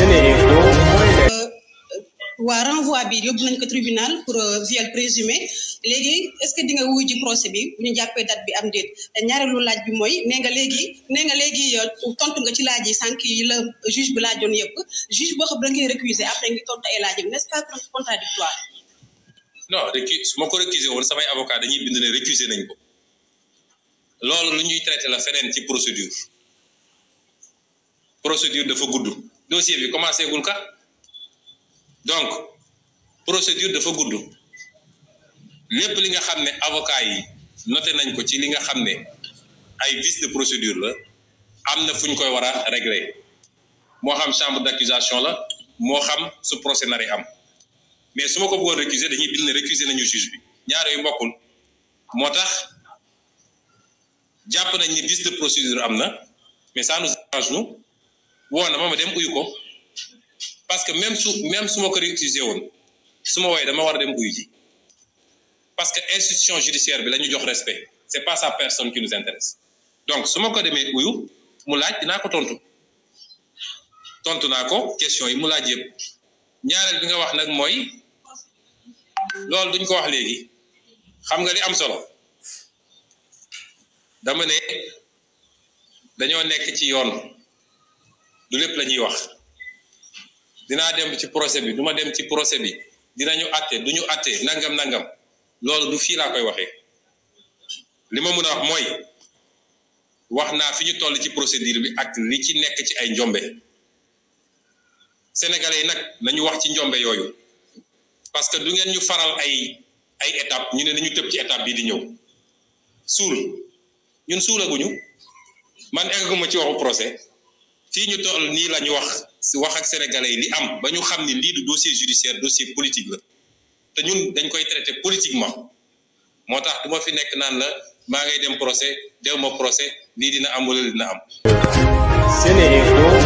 Euh, waa renvoi bi yóbbu nañ ko tribunal pour euh, viol présumé léegi est-ce que di nga wuyu ji procès bi bu ñu jàppee date bi am déet ñaareelu laaj bi mooy nee nga léegi nee nga léegi euh, tontu nga ci laaj yi sànq yi la juge bi laajoon yëpp juge boo xam da nga koy récuser après nga tontu ay laajam n'est-ce contradictoire non récu su ma ko récuser woon samay avocat dañuy bind ne récuser nañ ko loolu lu ñuy traité la feneen ci procédure procédure dafa gudd dossier bi commencé gul kat donc procédure dafa gudd lépp li nga xam ne avocat yi noté nañ ko ci li nga xam ne ay vice de procédure la am na fu ñu koy war a régler moo xam chambre d'accusation la moo xam su procès nare am mais su ma ko bëggoon récuser dañuy bind ne récuser nañu juge bi ñaar yooyu moo tax jàpp nañ ni vice de procédure am na mais ça nous woo na ma ma dem uyu ko parce que même su même su ma ko réutilisé woon su ma wooyee dama war a dem uyu ji parce que institution judiciaire bi la ñu jox respect c'est pas sa personne qui nous intéresse donc su ma ko demee uyu mu laaj naa ko tontu tontu naa ko question yi mu laaj yëpp ñaareel bi nga wax nag mooy loolu duñ ko wax léegi xam nga li am solo dama ne dañoo nekk ci yoon. du lépp la ñuy wax dinaa dem ci procès bi du ma dem ci procès bi dinañu àtte du ñu àtte nangam nangam loolu du fii laa koy waxee li ma mën a wax mooy wax naa fi ñu toll ci procédure bi ak li ci nekk ci ay njombe sénégalais yi nag nañu wax ci njombe yooyu parce que du ngeen ñu faral ay ay étape ñu ne nañu tëb ci étape bii di ñëw suul ñun suulaguñu man egguma ci waxu procès fii ñu toll nii la ñu wax si wax ak sénégalais yi li am ba ñu xam ni lii du dossier judiciaire dossier politique la te ñun dañ koy traité politiquement moo tax du fi nekk naan la maa ngay dem procès dew ma procès lii dina am wala dina am. Sénéinfo.